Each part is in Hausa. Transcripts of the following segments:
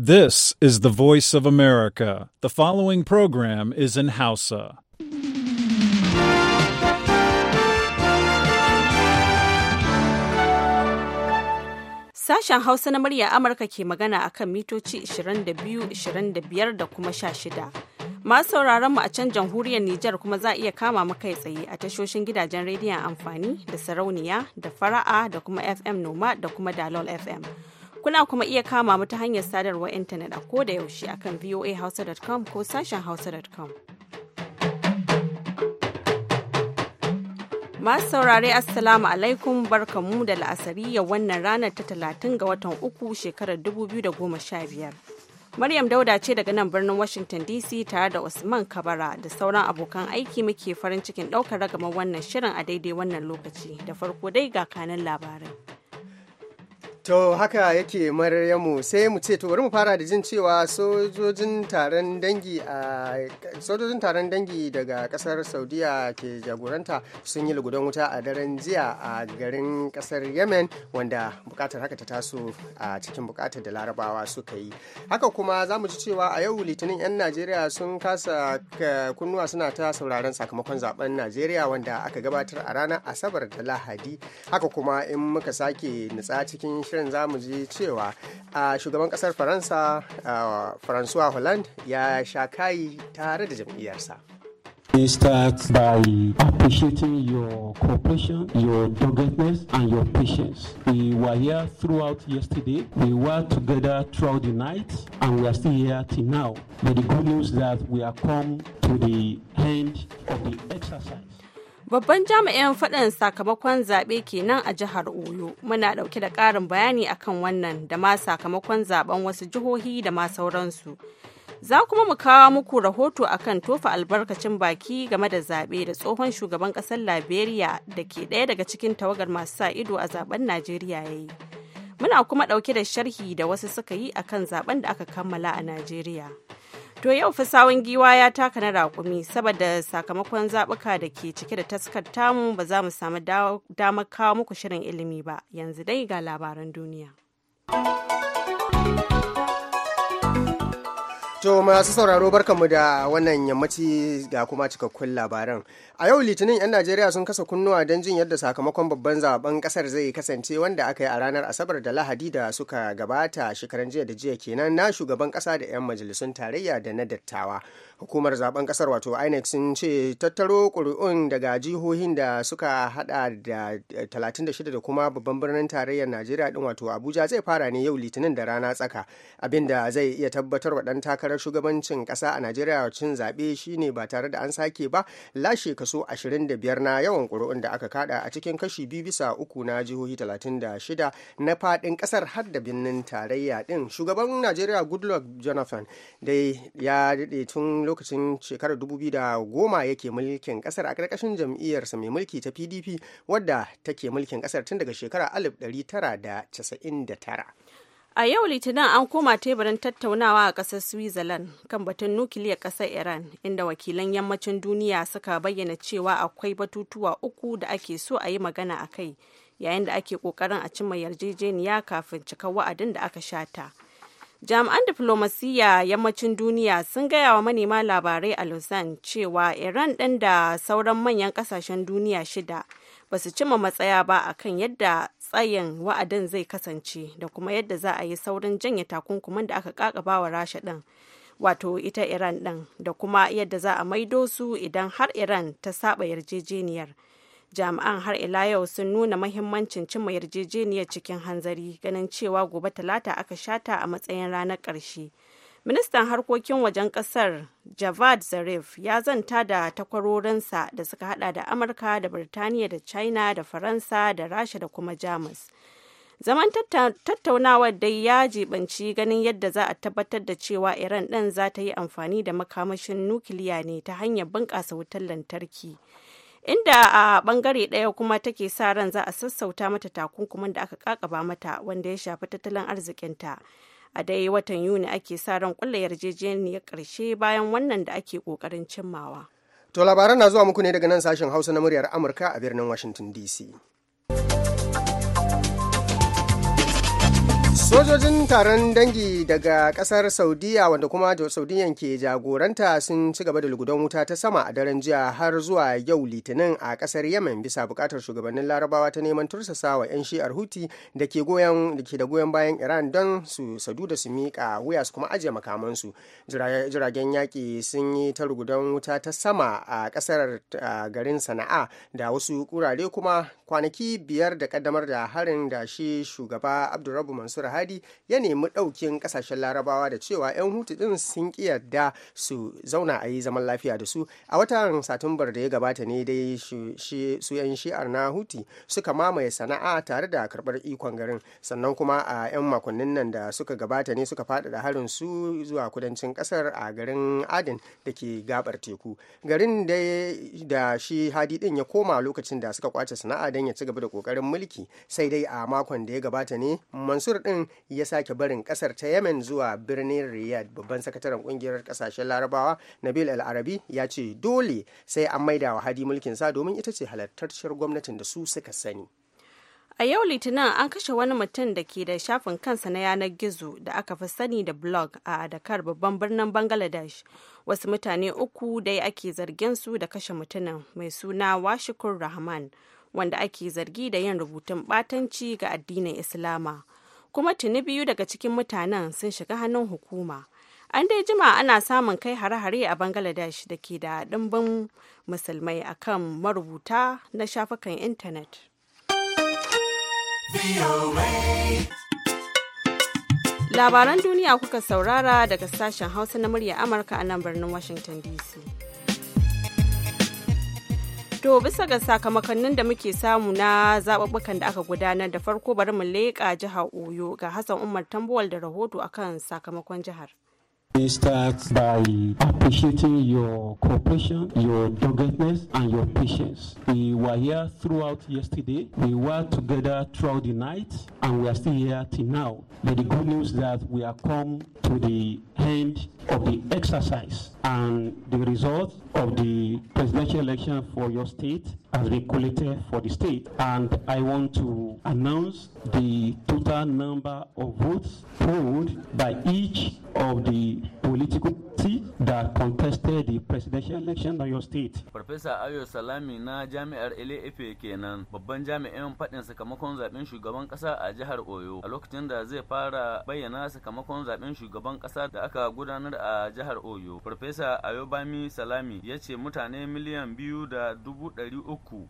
This is the voice of America. The following program is in Hausa. Sashen Hausa na murya Amurka ke magana a kan mitoci 22, 25 da kuma 16. Masu sauraron mu a can jamhuriyar Nijar kuma za iya kama mu kai tsaye a tashoshin gidajen rediyon amfani da sarauniya da fara'a da kuma FM Noma da kuma Dalol FM. Kuna kuma iya kama mu ta hanyar sadarwar intanet a ko da yaushe akan voahausa.com ko sashen hausa.com. Masu saurare Assalamu alaikum barkamu da la'asari ya wannan ranar ta talatin ga watan uku shekarar 2015. Maryam Dauda ce daga nan birnin Washington DC tare da Usman Kabara da sauran abokan aiki muke farin cikin ɗaukar ragamar wannan shirin a daidai wannan lokaci da farko dai ga kanan labarai. To haka yake Maryamu sai mu ce to bari mu fara da jin cewa sojojin taron dangi daga kasar Saudiya ke jagoranta sun yi lugudan wuta a daren jiya a garin kasar Yemen wanda bukatar haka ta taso a cikin bukatar da Larabawa suka yi. Haka kuma za mu ji cewa a yau Litinin 'yan Najeriya sun kasa kunnuwa suna ta sauraron sakamakon zaben Najeriya wanda aka gabatar a ranar Asabar da Lahadi. Haka kuma in muka sake nutsa cikin shirin shirin ji cewa shugaban kasar faransa ya sha tare da jam'iyyarsa We start by appreciating your cooperation, your doggedness, and your patience. We were here throughout yesterday. We were together throughout the night, and we are still here till now. But the good news that we have come to the end of the exercise. Babban jami'in faɗin sakamakon zaɓe kenan a jihar Oyo. Muna ɗauke da ƙarin bayani akan wannan da ma sakamakon zaɓen wasu jihohi da ma sauransu. Za kuma mu kawo muku rahoto akan tofa albarkacin baki game da zaɓe da tsohon shugaban ƙasar Liberia da ke ɗaya daga cikin tawagar masu sa ido a zaben Najeriya ya yi. Muna kuma ɗauke da sharhi da wasu suka yi akan zaɓen da aka kammala a Najeriya. To yau fasawan giwa ya taka na raƙumi saboda sakamakon zabuka da ke cike da taskar tamu ba za mu samu damar kawo muku shirin ilimi ba yanzu dai ga labaran duniya. To masu sauraro barkanmu da wannan yammaci ga kuma cikakkun labaran. A yau Litinin 'yan Najeriya sun kasa kunnuwa don jin yadda sakamakon babban zaben kasar zai kasance wanda aka yi a ranar Asabar da Lahadi da suka gabata shekaran jiya da jiya kenan na shugaban kasa da 'yan majalisun tarayya da na dattawa. Hukumar zaben kasar wato INEC sun ce tattaro ƙuri'un daga jihohin da suka hada da 36 da kuma babban birnin tarayyar Najeriya din wato Abuja zai fara ne yau Litinin da rana tsaka abinda zai iya tabbatar wa ɗan takarar takarar shugabancin kasa a najeriya cin zaɓe shine ba tare da an sake ba lashe kaso 25 na yawan ƙuri'un da aka kada a cikin kashi biyu bisa uku na jihohi 36 na faɗin kasar har da birnin tarayya din shugaban najeriya goodluck jonathan dai ya daɗe tun lokacin shekarar 2010 yake mulkin ƙasar a ƙarƙashin jam'iyyarsa mai mulki ta pdp wadda take mulkin ƙasar tun daga shekarar 1999 A yau Litinin an koma teburin tattaunawa a ƙasar Switzerland kan batun nukiliyar ƙasar Iran, inda wakilan yammacin duniya suka bayyana cewa akwai batutuwa uku da ake so a yi magana a kai, yayin da ake ƙoƙarin a cimma yarjejeniya kafin cika wa'adin da aka shata. Jami'an diflomasiyya yammacin duniya sun gaya wa manema labarai a Lausanne cewa Iran ɗin da sauran manyan ƙasashen duniya shida ba su cimma matsaya ba akan yadda tsayin wa'adin zai kasance da kuma yadda za a yi saurin janye takunkuman da aka kakaba wa rasha din wato ita iran din da kuma yadda za a maido su idan har iran ta saba yarjejeniyar jami'an har ila yau sun nuna mahimmancin cimma yarjejeniyar cikin hanzari ganin cewa gobe talata aka shata a matsayin ranar ƙarshe. ministan harkokin wajen kasar javad zarif ya zanta da takwarorinsa da suka hada da amurka da birtaniya da china da faransa da rasha da kuma jamus zaman tattaunawar dai ya jibanci ganin yadda za a tabbatar da cewa iran ɗin za ta yi amfani da makamashin nukiliya ne ta hanyar bunƙasa wutar lantarki inda a bangare ɗaya kuma take sa ran za a sassauta mata takunkuman da aka kakaba mata wanda ya shafi tattalin arzikinta a dai watan yuni ake sa ran ƙulla yarjejeniyar ƙarshe bayan wannan da ake ƙoƙarin cimmawa to labaran na zuwa muku ne daga nan sashen hausa na muryar amurka a birnin washington dc sojojin taron dangi daga kasar saudiya wanda kuma saudiyan ke jagoranta sun ci gaba da lugudan wuta ta sama a daren jiya har zuwa yau litinin a kasar yemen bisa bukatar shugabannin larabawa ta neman tursasa wa 'yan shi'ar huti da ke da goyon bayan iran don su sadu da su mika wuya su kuma ajiye makamansu jiragen yaƙi sun yi ta lugudan wuta ta sama a kasar garin sana'a da wasu kurare kuma kwanaki biyar da kaddamar da harin da shi shugaba abdurrabu mansur Hadi ya nemi ɗaukin ƙasashen Larabawa da cewa 'yan hutu ɗin sun ƙi yarda su zauna a yi zaman lafiya da su. A watan Satumbar da ya gabata ne dai su 'yan shi'ar na huti suka mamaye sana'a tare da karɓar ikon garin sannan kuma a 'yan makonnin nan da suka gabata ne suka faɗaɗa harin su zuwa kudancin ƙasar a garin adin da ke gabar teku. Garin da shi Hadi ɗin ya koma lokacin da suka kwace sana'a don ya ci gaba da kokarin mulki sai dai a makon da ya gabata ne mansur din ya sake barin kasar ta yemen zuwa birnin riyadh babban sakataren kungiyar kasashen larabawa nabil al-arabi ya ce dole sai an maida wa hadi mulkin sa domin ita ce halartacciyar gwamnatin da su suka sani a yau litinin an kashe wani mutum da ke da shafin kansa na yanar gizo da aka fi sani da blog a dakar babban birnin bangladesh wasu mutane uku dai ake zargin su da kashe mutumin mai suna washikur rahman wanda ake zargi da yin rubutun batanci ga addinin islama kuma tuni biyu daga cikin mutanen sun shiga hannun hukuma an dai jima ana samun kai hare-hare a bangladesh da ke da ɗimbin musulmai akan marubuta na shafukan intanet labaran duniya kuka saurara daga sashen hausa na murya amurka a nan birnin washington dc To bisa ga sakamakonnin da muke samu na zaɓuɓɓukan da aka gudanar da farko bari mu leƙa jihar Oyo ga Hassan Umar Tambuwal da rahoto akan sakamakon jihar. We start by appreciating your cooperation, your doggedness, and your patience. We were here throughout yesterday. We were together throughout the night, and we are still here till now. But the good news that we are come to the end of the exercise, and the result of the presidential election for your state has been collected for the state, and I want to announce the total number of votes polled by each of the political that contested the presidential election in your state. Professor Ayo Salami na jami'ar Ife kenan babban jami'in faɗin sakamakon zaben shugaban ƙasa a jihar Oyo a lokacin da zai fara bayyana sakamakon zaben shugaban ƙasa da aka gudanar a jihar Oyo. Farfesa Ayo Bami Salami ya ce mutane miliyan biyu da dubu ɗari uku uku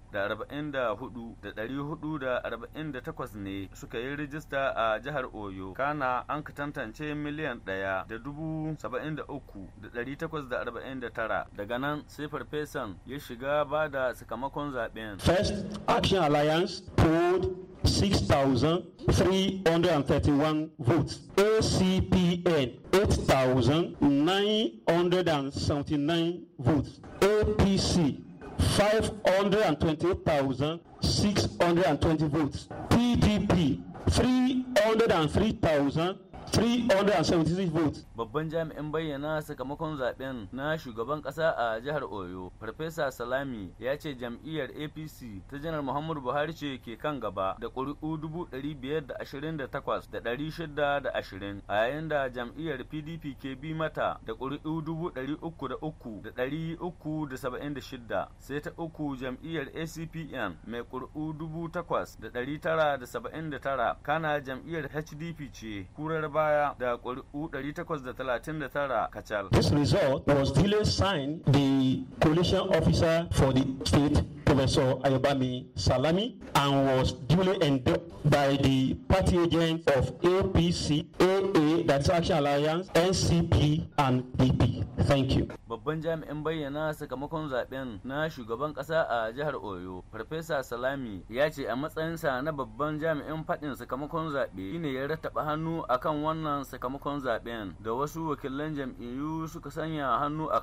ne suka yi rijista a jihar Oyo. Kana an ka tantance miliyan ɗaya da dubu saba'in da uku da ɗari takwas da arba'in da tara. Daga nan sai farfesan ya shiga ba da sakamakon zaɓen. First Action Alliance polled 6,331 votes. ACPN 8,979 votes. APC 528,620 votes. PDP 303,000 376 votes. Babban jami'in bayyana sakamakon zaben na shugaban kasa a jihar Oyo, Farfesa Salami ya ce jam'iyyar APC ta janar Muhammadu Buhari ce ke kan gaba da ƙuri'u 528,620 a yayin da jam'iyyar PDP ke bi mata da ƙuri'u 3,376 sai ta uku jam'iyyar ACPN mai ƙuri'u 8,979 kana jam'iyyar HDP ce kurar ba. baya da ƙuri'u 839 kacal. This result was duly signed the coalition officer for the state Professor Ayobami Salami and was duly endorsed by the party agents of APC, AA, that's Action Alliance, NCP, and PP. Thank you. Babban jami'in bayyana sakamakon zaben na shugaban kasa a jihar Oyo, Farfesa Salami ya ce a matsayinsa na babban jami'in faɗin sakamakon zaɓe shine ya rattaba hannu akan wannan sakamakon zaben da wasu wakilan jam'iyyu suka sanya hannu a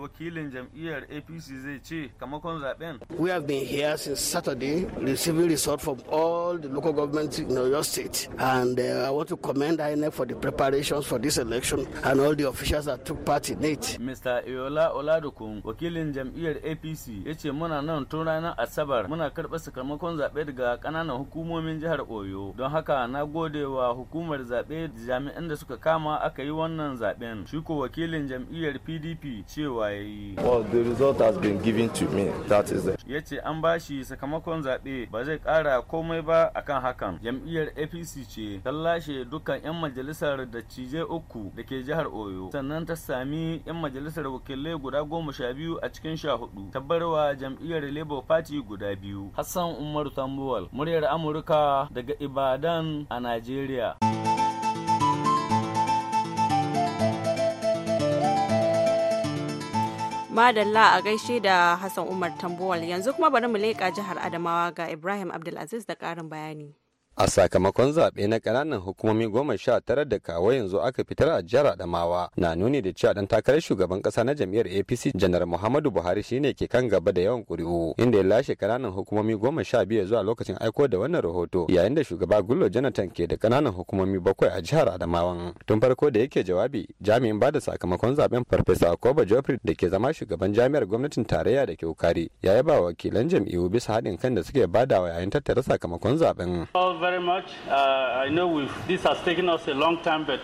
wakilin jam'iyyar APC zai ce zaben? We have been here since Saturday receiving result from all the local governments in Oyo state and uh, I want to commend INEC for the preparations for this election and all the officials that took part in it. Mr. Iola Oladokun wakilin jam'iyyar APC ya ce muna nan tun ranar Asabar muna karɓar sakamakon zaɓe daga ƙananan hukumomin jihar Oyo don haka na gode wa hukumar zaɓe jami'an da suka kama aka yi wannan zaɓen shi ko wakilin jam'iyyar pdp cewa ya yi well the result has been given to me that is ya ce an ba shi sakamakon zaɓe ba zai ƙara komai ba akan hakan jam'iyyar apc ce ta lashe dukkan 'yan majalisar da cije uku da ke jihar oyo sannan ta sami 'yan majalisar wakilai guda goma sha biyu a cikin sha hudu tabbarwa jam'iyyar labour party guda biyu hassan umaru tambuwal muryar amurka daga ibadan a najeriya Madalla a gaishe da Hassan Umar Tambuwal yanzu kuma bari mu leƙa jihar Adamawa ga Ibrahim Abdulaziz da ƙarin bayani. a sakamakon zaɓe na ƙananan hukumomi goma sha tara da kawo yanzu aka fitar a jihar adamawa na nuni da cewa dan takarar shugaban ƙasa na jam'iyyar apc janar muhammadu buhari shine ke kan gaba da yawan ƙuri'u inda ya lashe ƙananan hukumomi goma sha biyu zuwa lokacin aiko da wannan rahoto yayin da shugaba gullo jonathan ke da ƙananan hukumomi bakwai a jihar adamawa tun farko da yake jawabi jami'in ba da sakamakon zaɓen farfesa koba joffrey da ke zama shugaban jami'ar gwamnatin tarayya da ke ukari ya yaba wakilan jam'iyyu bisa haɗin kan da suke badawa yayin tattara sakamakon zaɓen very much. Uh, I know this has taken us a long time, but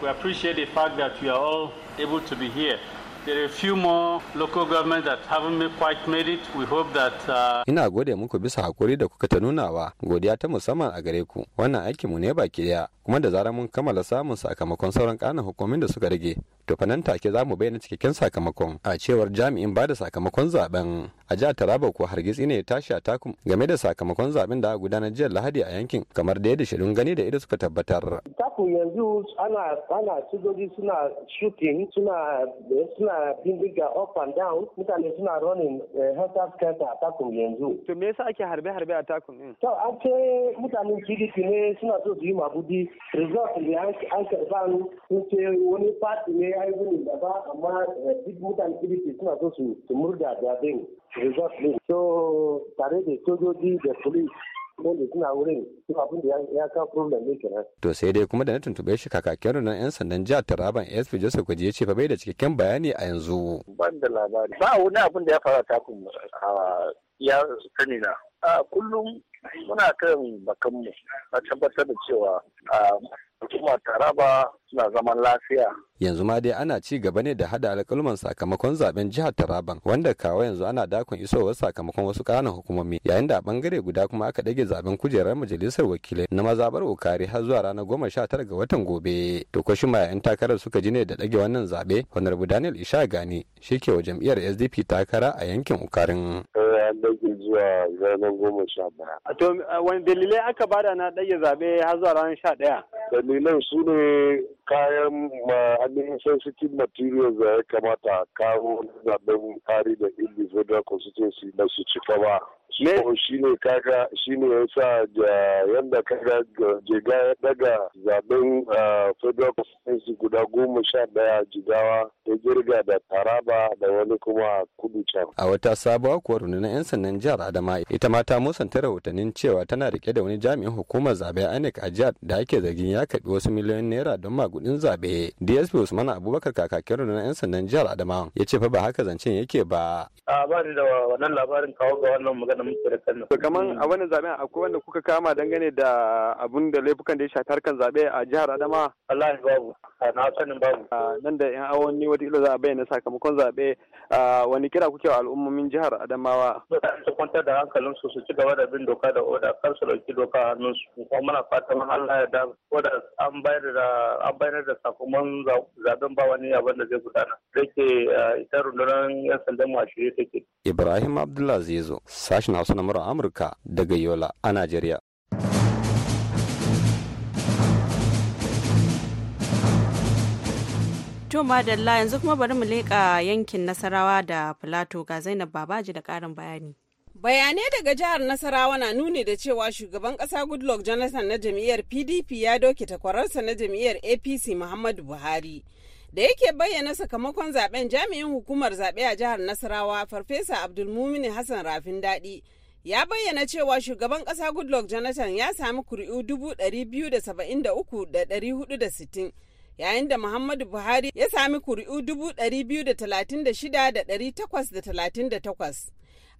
we appreciate the fact that you are all able to be here. There are a few more local governments that haven't quite made it. We hope that. Uh... Ina gode muku bisa hakuri da kuka ta nunawa, godiya ta musamman a gare ku. Wannan aikinmu ne baki daya, kuma da zarar mun kammala samun sakamakon sauran kanan hukumomin da suka rage, to fa nan take za mu bayyana cikakken sakamakon a cewar jami'in bada sakamakon zaben a jihar taraba ko hargitsi ne tashi a takum game da sakamakon zaben da aka gudanar jiya lahadi a yankin kamar da yadda shirin gani da ido suka tabbatar taku yanzu ana ana sojoji suna shooting suna suna bindiga up and down mutane suna running eh, helter skelter a takum yanzu to me yasa ake harbe harbe a takum din to an ce mutanen PDP ne suna so su yi mabudi result ne an karban sun ce wani party ne ya yi gudun gaba amma eh, duk mutane kirki suna so su murda zaben resort din so tare da sojoji da police wanda suna wurin su abin da ya ka problem ne kenan. To sai dai kuma da na tuntube shi kakakin nan 'yan sandan jihar Taraban sp Joseph Kwaji ya ce fa bai da cikakken bayani a yanzu. Ban da labari. Ba wani abin da ya fara takun a ya sani na. A kullum muna kan bakanmu a tabbatar da cewa al'umma taraba suna zaman lafiya yanzu ma dai ana ci gaba ne da hada alkaluman sakamakon zaben jihar Taraban wanda kawo yanzu ana dakon isowar sakamakon wasu kananan hukumomi yayin da a bangare guda kuma aka dage zaben kujerar majalisar wakilai na mazabar Okare har zuwa ranar goma sha tara ga watan gobe to ko shima yan takarar suka ji ne da dage wannan zabe honorable Daniel Isha Gani shi ke wa jam'iyyar SDP takara a yankin Ukarin. Eh, zuwa ranar goma sha daya. A to wani dalilai aka bada na ɗage zaɓe har zuwa ranar sha ɗaya? Dalilan su ne kayan ma'anin sensitive materials da ya kamata kawo zaɓen hari da Indian Federal Constituency da su cika ba. so shi ne kaga shi ne ya sa da yadda kaga jiga daga zaben federal constituency guda goma sha daya jigawa ta jirga da taraba da wani kuma kudu can. a wata sabuwa kuwa rundunar 'yan sandan jihar adama ita ma ta musanta rahotannin cewa tana rike da wani jami'in hukumar zabe inec a jihar da ake zargin ya karbi wasu miliyoyin naira don magudin zabe dsp usman abubakar kakakin rundunar 'yan sandan jihar adama ya ce fa ba haka zancen yake ba. a ba da wannan labarin kawo ga wannan magana tsakanin da Kano. Kaman a wani zaben akwai wanda kuka kama dangane da abun da laifukan da ya shafi harkan zabe a jihar Adama? Wallahi babu. Na sanin babu. Nan da yan awonni ilo za a bayyana sakamakon zabe wani kira kuke wa al'ummomin jihar Adamawa? Su kwantar da hankalin su su ci gaba da bin doka da oda kar su ɗauki doka a hannun su. Kuma muna fatan Allah ya da oda an bayar da an bayar da sakamakon zaben ba wani abin da zai gudana. Da ke ita rundunar 'yan sandan mu a shirye take. Ibrahim Abdullah zo sashen Hausa na Mura Amurka daga Yola a Najeriya. To madalla yanzu kuma bari mu leƙa yankin Nasarawa da Filato ga Zainab Babaji da ƙarin bayani. Bayanai daga jihar Nasarawa na nuni da cewa shugaban kasa Goodluck Jonathan na jam'iyyar PDP ya doke takwararsa na jam'iyyar APC Muhammadu Buhari da yake bayyana sakamakon zaben jami'in hukumar zaɓe a jihar nasarawa farfesa abdulmumini hassan rafin daɗi ya bayyana cewa shugaban ƙasa goodluck jonathan ya sami kuri'u 273,460 yayin da muhammadu buhari ya sami kuri'u 236,838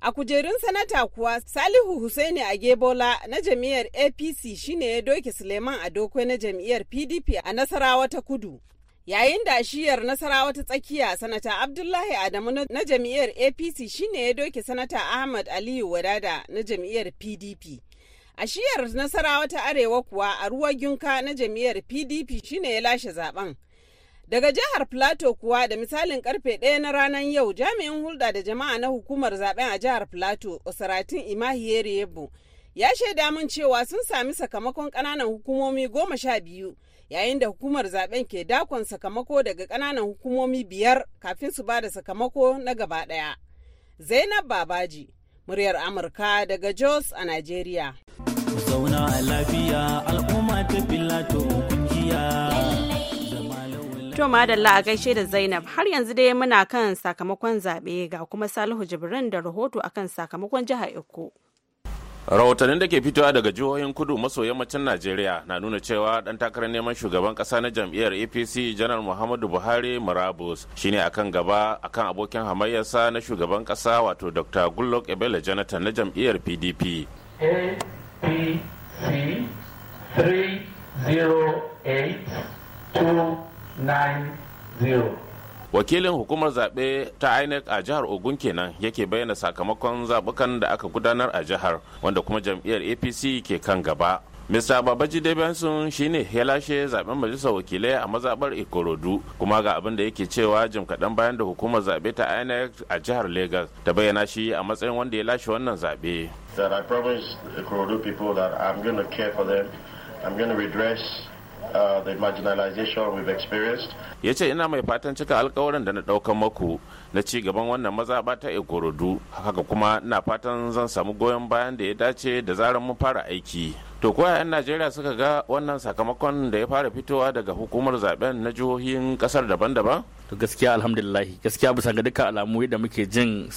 a kujerun sanata kuwa salihu husaini agebola na jam'iyyar apc shine ya doke suleiman adokwai na jam'iyyar pdp a nasarawa ta kudu yayin da shiyar nasarawa ta tsakiya sanata abdullahi adamu na jam'iyyar apc shine ya doke sanata ahmad aliyu wadada na jam'iyyar pdp a shiyar nasarawa ta arewa kuwa a ruwa gyunka na jam'iyyar pdp shine ya lashe zaben daga jihar plateau kuwa da misalin karfe ɗaya na ranar yau jami'in hulɗa da jama'a na hukumar zaben a jihar plateau osaratin imahiyere yebo ya shaida mun cewa sun sami sakamakon ƙananan hukumomi goma sha biyu yayin da hukumar zaben ke dakon sakamako daga ƙananan hukumomi biyar kafin su bada sakamako na gaba ɗaya. Zainab Babaji, muryar Amurka daga Jos a Najeriya. Zauna a To madalla a gaishe da Zainab har yanzu dai muna kan sakamakon zaɓe ga kuma Salihu Jibrin da rahoto akan sakamakon jihar Eko. rahotannin da ke fitowa daga jihohin kudu maso yammacin najeriya na nuna cewa dan takarar neman shugaban kasa na jam'iyyar apc janar muhammadu buhari murabus shine akan gaba akan abokin hamayyarsa na shugaban kasa wato dr gullok ebele jonathan na jam'iyyar pdp apc 308 wakilin hukumar zaɓe ta inec a jihar ogun kenan yake bayyana sakamakon zaɓukan da aka gudanar a jihar wanda kuma jam'iyyar apc ke kan gaba mista babaji benson shine ya lashe zaben majalisar wakilai a mazabar ikorodu kuma ga abin da yake cewa jim kaɗan bayan da hukumar zaɓe ta inec a jihar lagos ta bayyana shi a matsayin wanda ya lashe wannan zaɓe that i promised ikorodu people that i'm going to care for them i'm going to redress Uh, the marginalization we've experienced. Ya ce ina mai fatan cika alkawarin da na ɗaukan maku na ci gaban wannan mazaɓa ta Ikorodu haka kuma ina fatan zan samu goyon bayan da ya dace da zarar mun fara aiki. To ko 'yan Najeriya suka ga wannan sakamakon da ya fara fitowa daga hukumar zaben na jihohin kasar daban-daban? To gaskiya alhamdulillah gaskiya bisa ga dukkan alamu da muke jin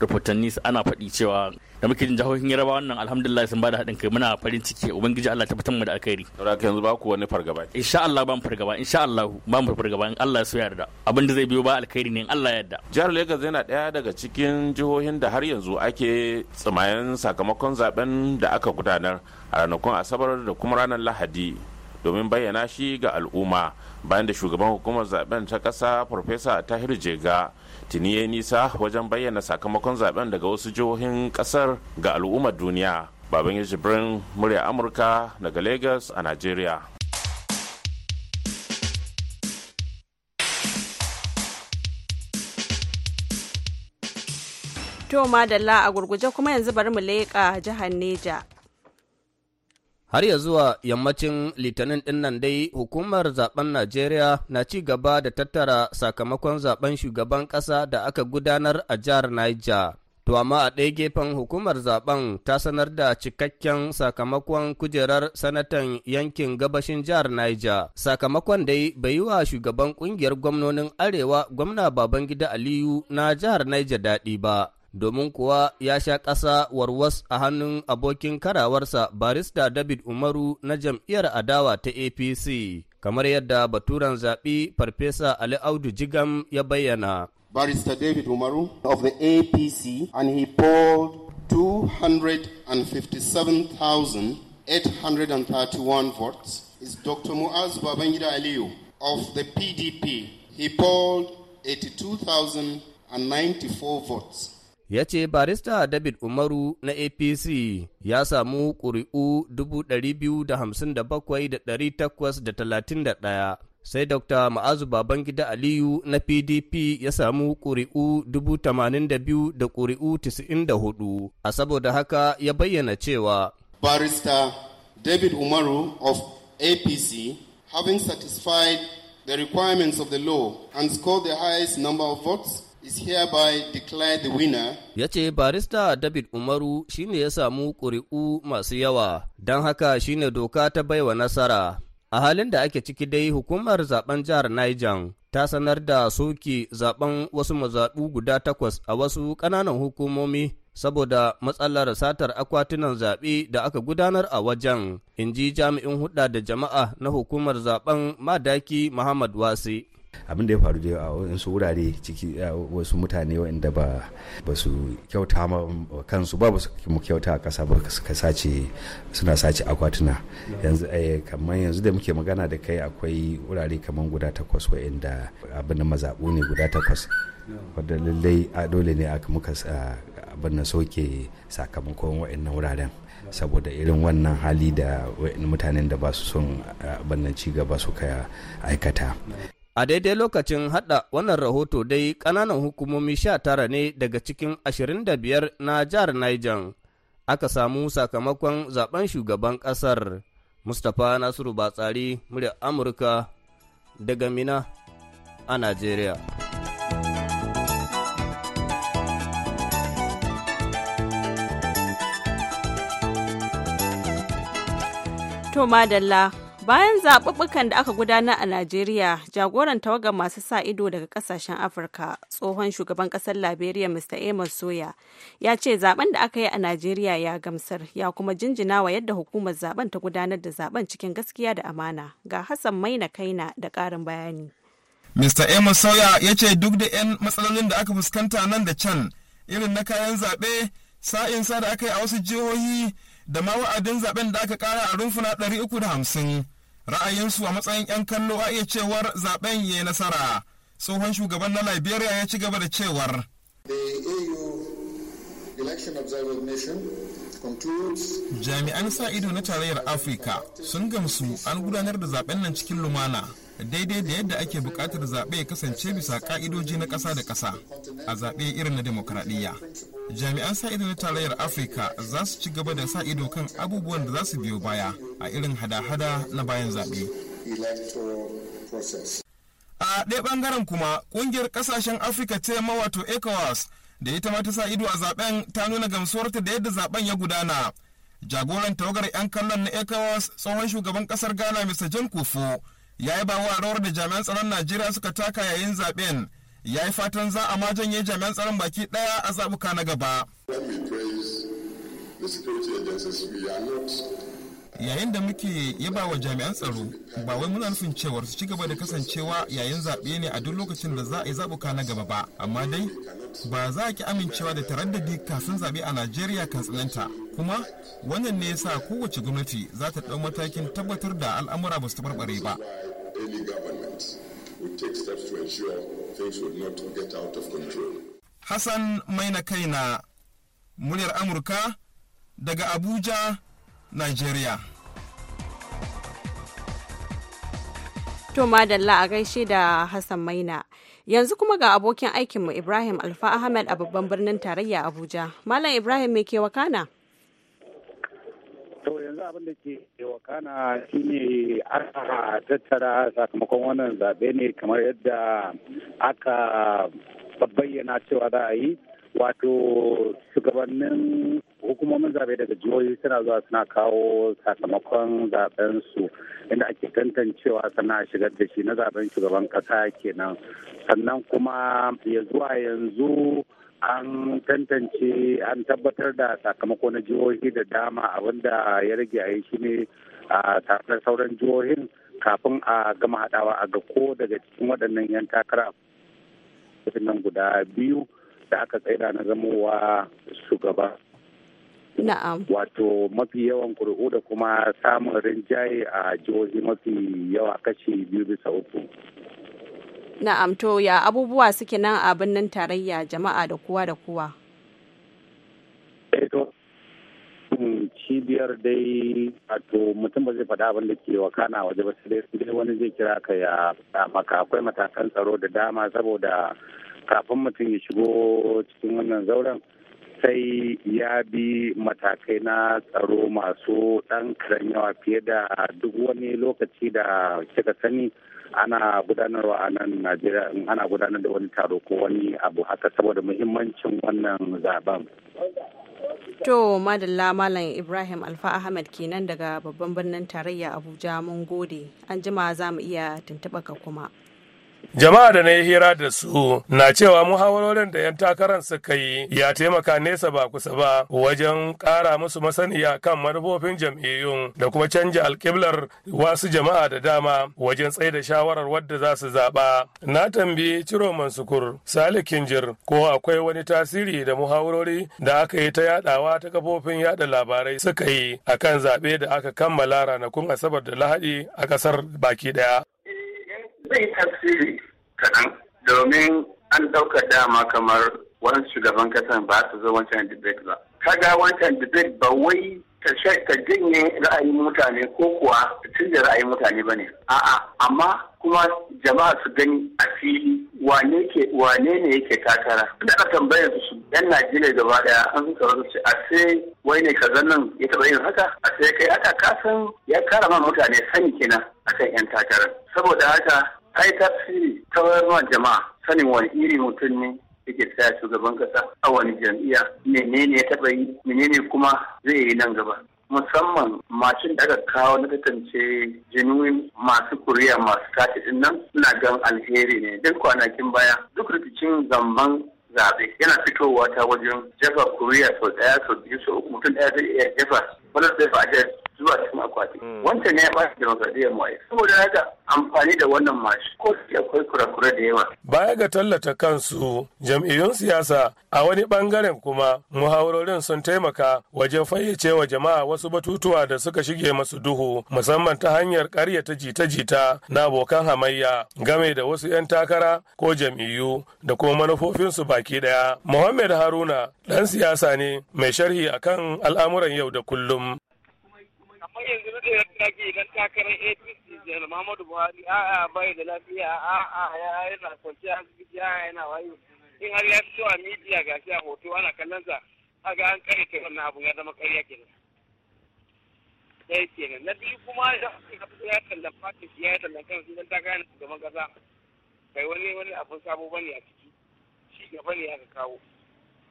rufutanni ana faɗi cewa da muke jin jihohin yaraba wannan alhamdulillah sun bada haɗin kai muna farin ciki ubangiji Allah tabbatar mu da alkhairi saboda yanzu ba wani fargaba insha Allah ba mu fargaba insha Allah ba mu fargaba in Allah ya so yarda abin da zai biyo ba alkhairi ne in Allah ya yarda jihar Lagos yana daya daga cikin jihohin da har yanzu ake tsimayen sakamakon zaben da aka gudanar a ranakun Asabar da kuma ranar Lahadi domin bayyana shi ga al'umma bayan da shugaban hukumar zaben ta kasa Farfesa Tahir Jega tuni ya nisa wajen bayyana sakamakon zaben daga wasu jihohin kasar ga al'ummar duniya baban jibrin murya amurka daga lagos a nigeria to madalla a gurguje kuma yanzu bari mu leƙa jihar neja Har ya zuwa yammacin litinin ɗin nan dai hukumar zaben Najeriya na ci gaba da tattara sakamakon zaben shugaban ƙasa da aka gudanar a jihar Niger. To amma a ɗaya gefen hukumar zaben ta sanar da cikakken sakamakon kujerar sanatan yankin gabashin jihar Niger. Sakamakon dai bai yi wa shugaban ƙungiyar gwamnonin Arewa gwamna Babangida Aliyu na jihar Niger daɗi ba. domin kuwa ya sha ƙasa warwas a hannun abokin karawarsa barista David Umaru na jam'iyyar adawa ta APC, kamar yadda baturan zaɓi Farfesa Ali Audu Jigam ya bayyana. Barista David Umaru of the APC and he polled 257,831 votes is Dr. Muaz Babangida Aliyu of the PDP. He polled 82,094 votes. ya ce barista david umaru na apc ya samu ƙuri'u 257,831 sai dr ma'azu babangida aliyu na pdp ya samu ƙuri'u 82,000 a saboda haka ya bayyana cewa barista david umaru of apc having satisfied the requirements of the law and scored the highest number of votes is Ya ce barista David Umaru shine ya samu ƙuri'u masu yawa, don haka shine doka ta baiwa nasara. A halin da ake ciki dai hukumar zaben jihar Niger ta sanar da soke zaben wasu mazaɓu guda takwas a wasu ƙananan hukumomi saboda matsalar satar akwatunan zaɓe da aka gudanar a wajen, in ji jami'in hudda da jama'a na hukumar zaben Madaki Muhammad Wasi. abin da ya faru da a wasu wurare ciki wasu mutane waɗanda ba ba su kyauta ma kansu ba ba su mu kyauta a ƙasa ba suka sace suna sace akwatuna yanzu eh, kamar yanzu da muke magana da kai akwai wurare kamar guda takwas waɗanda abin da mazaɓu ne guda takwas wadda lallai a dole ne a muka abin na soke sakamakon waɗannan wuraren saboda irin wannan hali da mutanen da ba su son abin ci gaba suka aikata A daidai lokacin haɗa wannan rahoto dai ƙananan hukumomi sha tara ne daga cikin ashirin da biyar na jihar Niger aka samu sakamakon zaben shugaban ƙasar. Mustapha Nasiru Batsari, murya Amurka daga Mina a Najeriya. To madalla Bayan zaɓuɓɓukan da aka gudanar a Najeriya, jagoran tawagar masu sa ido daga ƙasashen Afirka, tsohon shugaban ƙasar Liberia Mr. Amos Soya, ya ce zaben da aka yi a Najeriya ya gamsar, ya kuma jinjina wa yadda hukumar zaben ta gudanar da zaben cikin gaskiya da amana. Ga Hassan Maina Kaina da ƙarin bayani. Mr. Amos Soya ya ce duk da 'yan matsalolin da aka fuskanta nan da can, irin na kayan zaɓe, sa'in sa da aka yi a wasu jihohi, da ma wa'adin zaben da aka kara a rumfuna 350. ra'ayinsu a matsayin 'yan kallo a iya cewar zaben ya nasara tsohon shugaban na liberia ya ci gaba da cewar jami'an sa ido na tarayyar afirka sun gamsu an gudanar da zaben nan cikin lumana daidai da yadda ake bukatar zaɓe ya kasance bisa ka'idoji na ƙasa da ƙasa a zaɓe irin na demokradiyya jami'an sa ido na tarayyar afirka za su ci gaba da sa ido kan abubuwan da za su biyo baya a irin hada-hada na bayan zaɓe a ɗaya ɓangaren kuma ƙungiyar ƙasashen afirka ce yamma wato ecowas da ita ma ta sa ido a zaɓen ta nuna gamsuwarta da yadda zaɓen ya gudana jagoran tawagar 'yan kallon na ecowas tsohon shugaban ƙasar ghana mr jan kufo ya yi bawa rawar da jami'an tsaron najeriya suka taka yayin zaɓen ya yi fatan za a ma janye jami'an tsaron baki ɗaya a zabuka na gaba. yayin da muke yaba wa jami'an tsaro ba wai muna nufin cewar su ci gaba da kasancewa yayin zaɓe ne a duk lokacin da za a yi zaɓuka na gaba ba amma dai ba za ki amincewa da taraddadi kafin zaɓe a najeriya kan tsananta kuma wannan ne yasa kowace gwamnati za ta ɗau matakin tabbatar da al'amura ba su tabarbare ba would take steps to ensure things would not get out of control. Hassan Maina Kaina, muryar Amurka daga Abuja, Nigeria. To madalla a gaishe da Hassan Maina. Yanzu kuma ga abokin aikinmu Ibrahim Alfa Ahmed a babban birnin tarayya Abuja. Malam Ibrahim me ke wakana? to yanzu abin da ke wakana shine aka tattara sakamakon wannan zabe ne kamar yadda aka bayyana cewa za a yi wato shugabannin hukumomin zaɓe daga jihohi suna zuwa suna kawo sakamakon zaben su inda ake tantancewa sana shigar da shi na zaben shugaban ƙasa kenan sannan kuma ya zuwa yanzu an tantance an tabbatar da sakamako na jihohi da dama abinda ya rage a yi shi ne a tare sauran jihohin kafin a gama haɗawa a ga ko daga cikin waɗannan 'yan takara nan guda biyu da aka tsaida na zamowa shugaba Na'am. Wato mafi yawan kuri'u da kuma samun rinjaye a jihohi mafi yawa kashi biyu bisa uku. Na'am to ya abubuwa suke nan a birnin tarayya jama'a da kowa da kowa. Eh, mm, cibiyar dai wato mutum ba zai faɗa abin da ke kana waje ba sai dai wani zai kira ka ya maka akwai matakan tsaro da dama saboda kafin mutum ya shigo cikin wannan zauren sai ya bi matakai na tsaro masu ɗan yawa fiye da duk wani lokaci da kika sani. ana gudanarwa a nan najeriya in ana gudanar da wani taro ko wani abu haka saboda muhimmancin wannan zaben to madalla malam ibrahim alfa ahmed kenan daga babban birnin tarayya abuja mun gode an jima za mu iya tuntuɓa ka kuma Jama'a da na yi hira da su na cewa muhawarorin da 'yan takarar suka yi ya taimaka nesa ba kusa ba wajen ƙara musu masaniya kan manufofin jam'iyyun da kuma canja alƙiblar wasu jama'a da dama wajen tsaye da shawarar wadda za su zaɓa. Na tambayi Ciro Mansukur Sale Kinjir ko akwai wani tasiri da muhawarori da aka yi ta yadawa ta kafofin yada labarai suka yi akan zaɓe da aka kammala ranakun Asabar da Lahadi a ƙasar baki ɗaya. zai tafsiri kaɗan domin an ɗauka dama kamar wani shugaban kasan ba su zo wancan debate ba. Kaga wancan debate ba wai ta ta janye ra'ayin mutane ko kuwa tun da ra'ayin mutane ba ne. A'a, amma kuma jama'a su gani a fili wane ne yake takara. Da aka tambayar su yan Najeriya gaba daya an suka wasu ce a sai wai ne ka zannan ya taɓa yin haka a sai kai aka kasan ya kara ma mutane sani kenan kan yan takarar. Saboda haka ai tafsiri tasiri ta wayarwa jama'a sanin wani iri mutum ne yake tsaya shugaban kasa a wani jam'iyya menene ya taɓa yi menene kuma zai yi nan gaba musamman mashin da aka kawo na tantance genuine masu kuriya masu tashi din nan suna gan alheri ne duk kwanakin baya duk rikicin zamban zaɓe yana fitowa ta wajen jefa kuriya sau ɗaya sau biyu sau uku mutum ɗaya zai iya jefa wani zai fa zuwa cikin akwati hmm. wancan ne ya ɓata demokradiyyar mu saboda haka amfani da wannan mashi ko da akwai kura da yawa baya ga tallata kansu jam'iyyun siyasa a wani ɓangaren kuma muhawarorin sun taimaka wajen fayyace wa jama'a wasu batutuwa da suka shige masu duhu musamman ta hanyar ƙaryata jita-jita na abokan hamayya game da wasu 'yan takara ko jam'iyyu da kuma manufofinsu baki ɗaya. muhammad haruna ɗan siyasa ne mai sharhi akan al'amuran yau da kullum kamar yanzu da ya tsaki idan takarar APC Janar Muhammadu Buhari a bai da lafiya a'a ya yana kwanciya asibiti a'a yana wayo in har ya fito a midiya ga shi a hoto ana kallon sa kaga an karyace wannan abu ya zama karya kenan. Sai kenan na biyu kuma ya fito ya tallan fatin ya tallan kansu idan takarar shugaban kasa bai wani wani abin sabo bane a ciki shi gaba ne aka kawo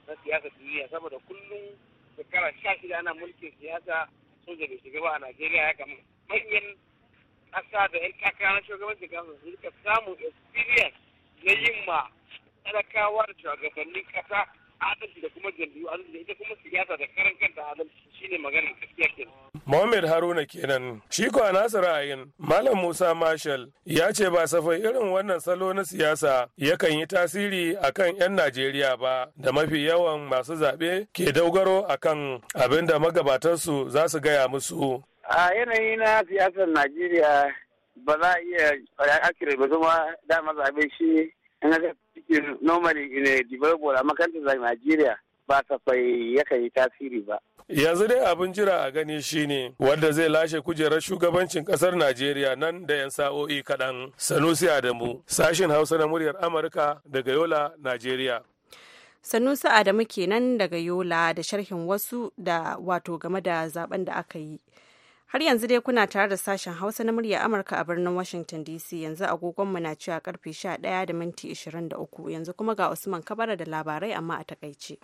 na siyasa duniya saboda kullum shekara sha shida ana mulkin siyasa soja bai shiga ba a Najeriya ya kama manyan ƙasa da 'yan takara na shugabanci kansu su rika samu experience na yin ma talakawa da shugabannin ƙasa adalci da kuma jam'iyyu adalci da ita kuma siyasa da karan kanta adalci shine maganar gaskiya kenan. Mohammed Haruna kenan. Shi kuwa nasa ra'ayin Malam Musa Marshall ya ce ba safai irin wannan salo na siyasa yakan yi tasiri akan 'yan Najeriya ba da mafi yawan masu zaɓe ke dogaro akan abin da magabatansu za su gaya musu. A yanayi na siyasar Najeriya ba za a iya akire ba kuma dama zaɓe shi in aka cikin normally in a developed a makarantar Najeriya ba safai yakan yi tasiri ba. yanzu dai abin jira a gani shine wanda zai lashe kujerar shugabancin kasar najeriya nan da yan sa'o'i kaɗan sanusi adamu sashin hausa na muryar amurka daga yola najeriya sanusi adamu kenan daga yola da sharhin wasu da wato game da zaben da aka yi har yanzu dai kuna tare da sashen hausa na muryar amurka a birnin washington dc yanzu agogonmu na cewa karfe 11 da minti 23 yanzu kuma ga usman kabara da labarai amma a takaice.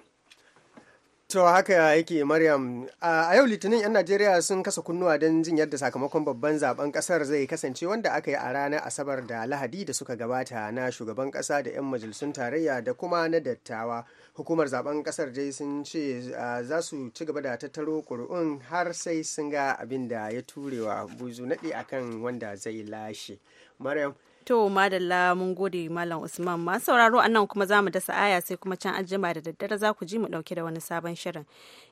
To haka yake Maryam. A yau Litinin 'yan Najeriya sun kasa kunnuwa don jin yadda sakamakon babban zaben kasar zai kasance wanda aka yi a ranar Asabar da Lahadi da suka gabata na shugaban kasa da 'yan majalisun tarayya da kuma na dattawa. Hukumar zaben kasar dai sun ce za su ci gaba da tattaro kuri'un har sai sun ga abin da ya turewa buzu naɗi akan wanda zai lashe. Maryam. To madalla mun gode Malam Usman ma sauraro a nan kuma za mu dasa aya sai kuma can aljima da daddare za ku ji mu dauke da wani sabon shirin.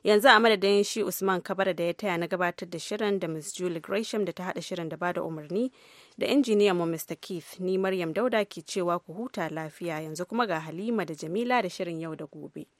Yanzu a madadin shi Usman Kabara da ya taya na gabatar da shirin da Miss Julie Gresham da ta hada shirin da bada umarni da injiniyan mu Mr. Keith ni Maryam Dauda ke cewa ku huta lafiya yanzu kuma ga Halima da Jamila da shirin yau da gobe.